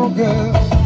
mon cœur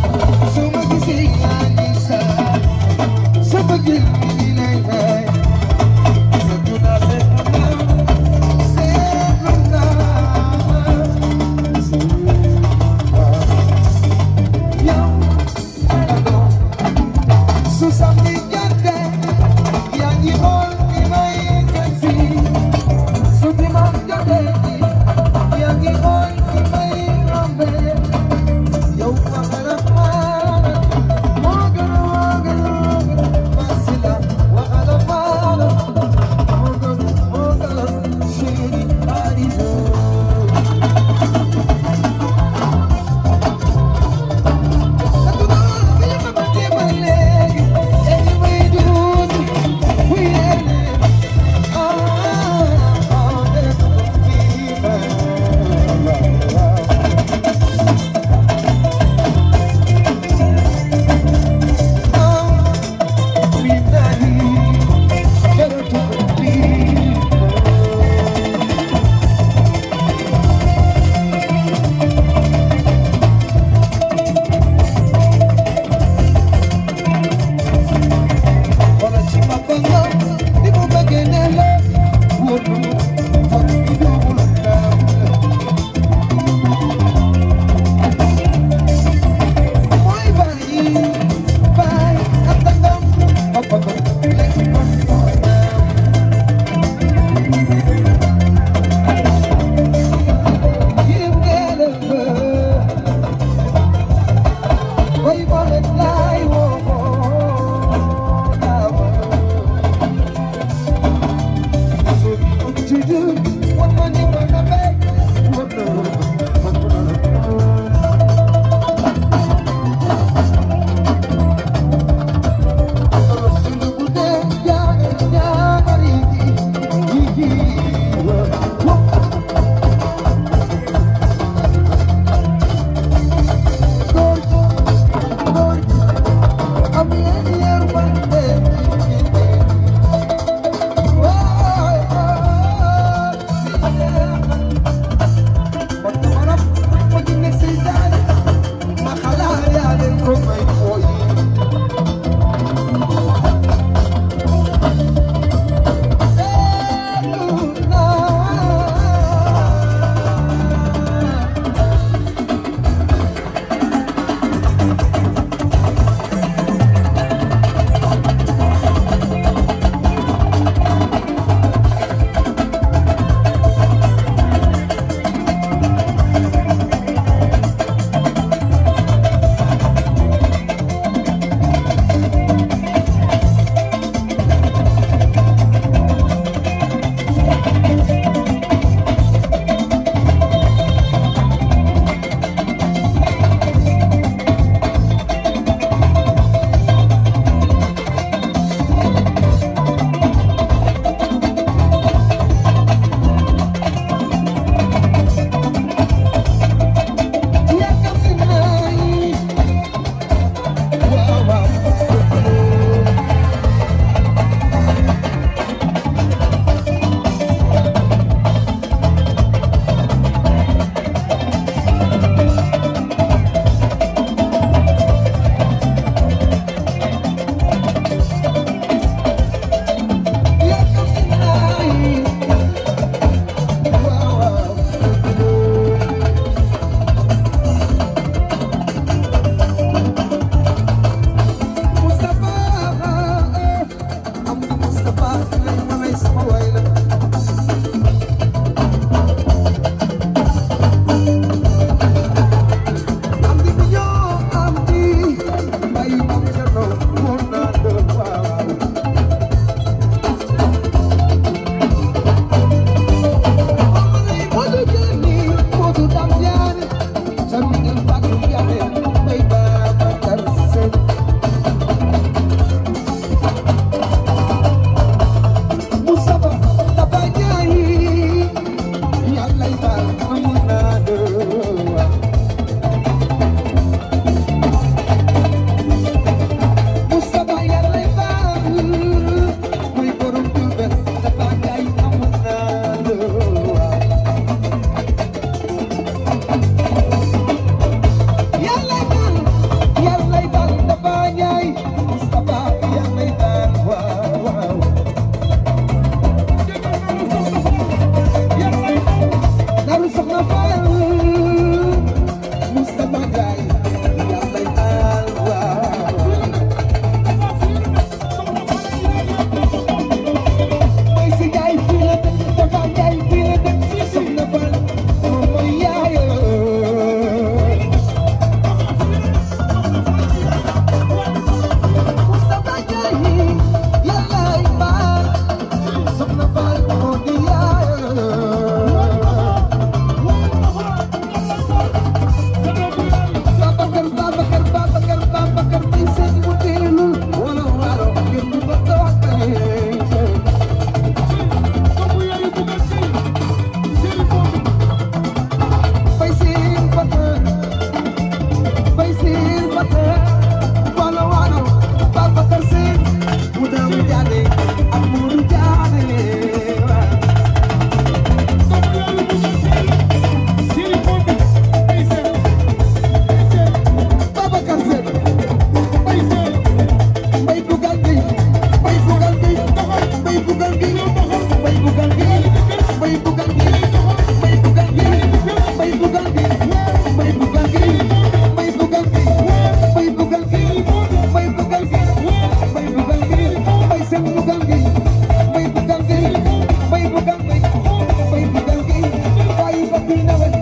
happy now.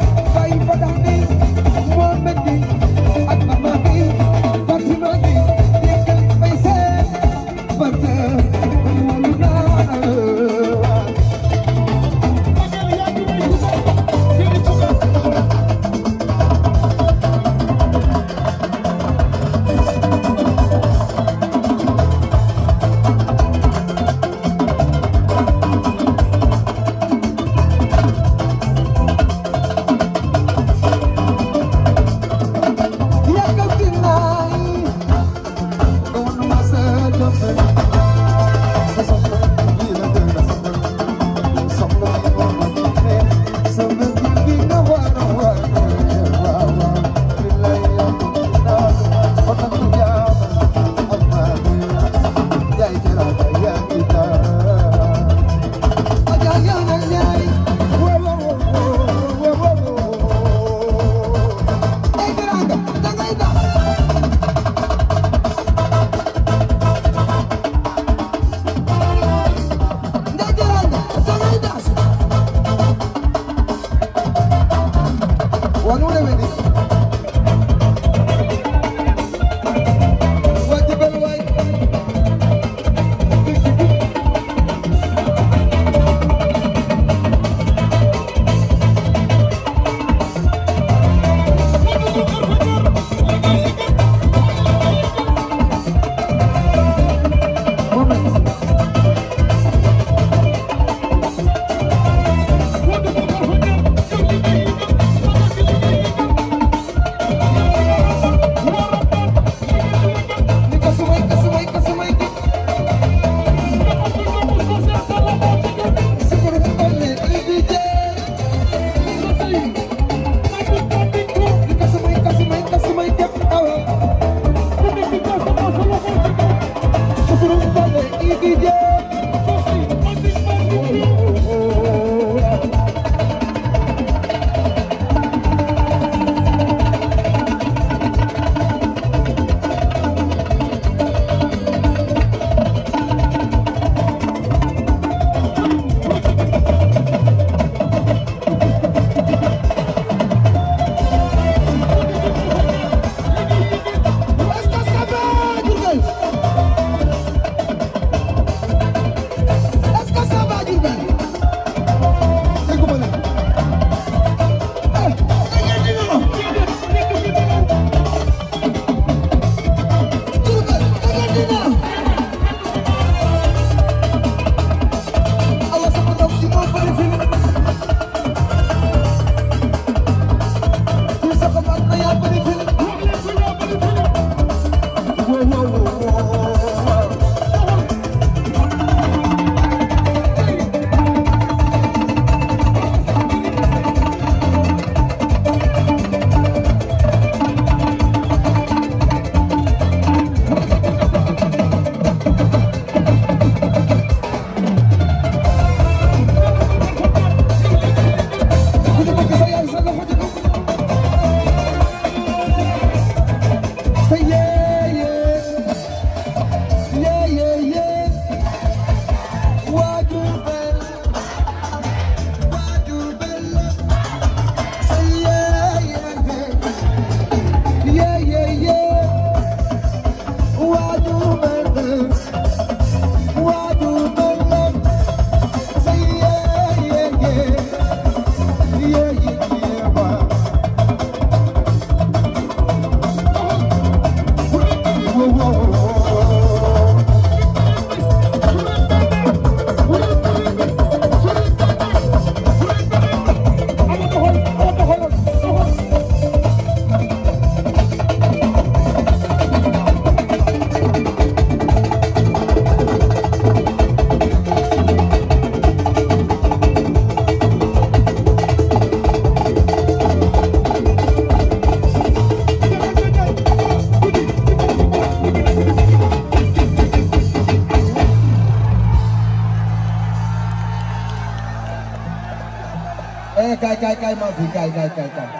bi kaay kaay kaay kaay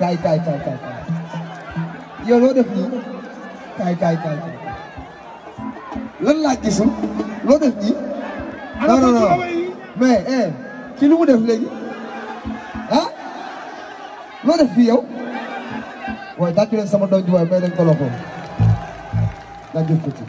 kaay kaay kaay kaay loo def nii kaay kaay kaay laa gisul loo def nii non non mais eh ci lu mu def léegi ah loo def fii yow waaye tàccu leen sama doom ji waaye may leen ko loxo daa jëf ci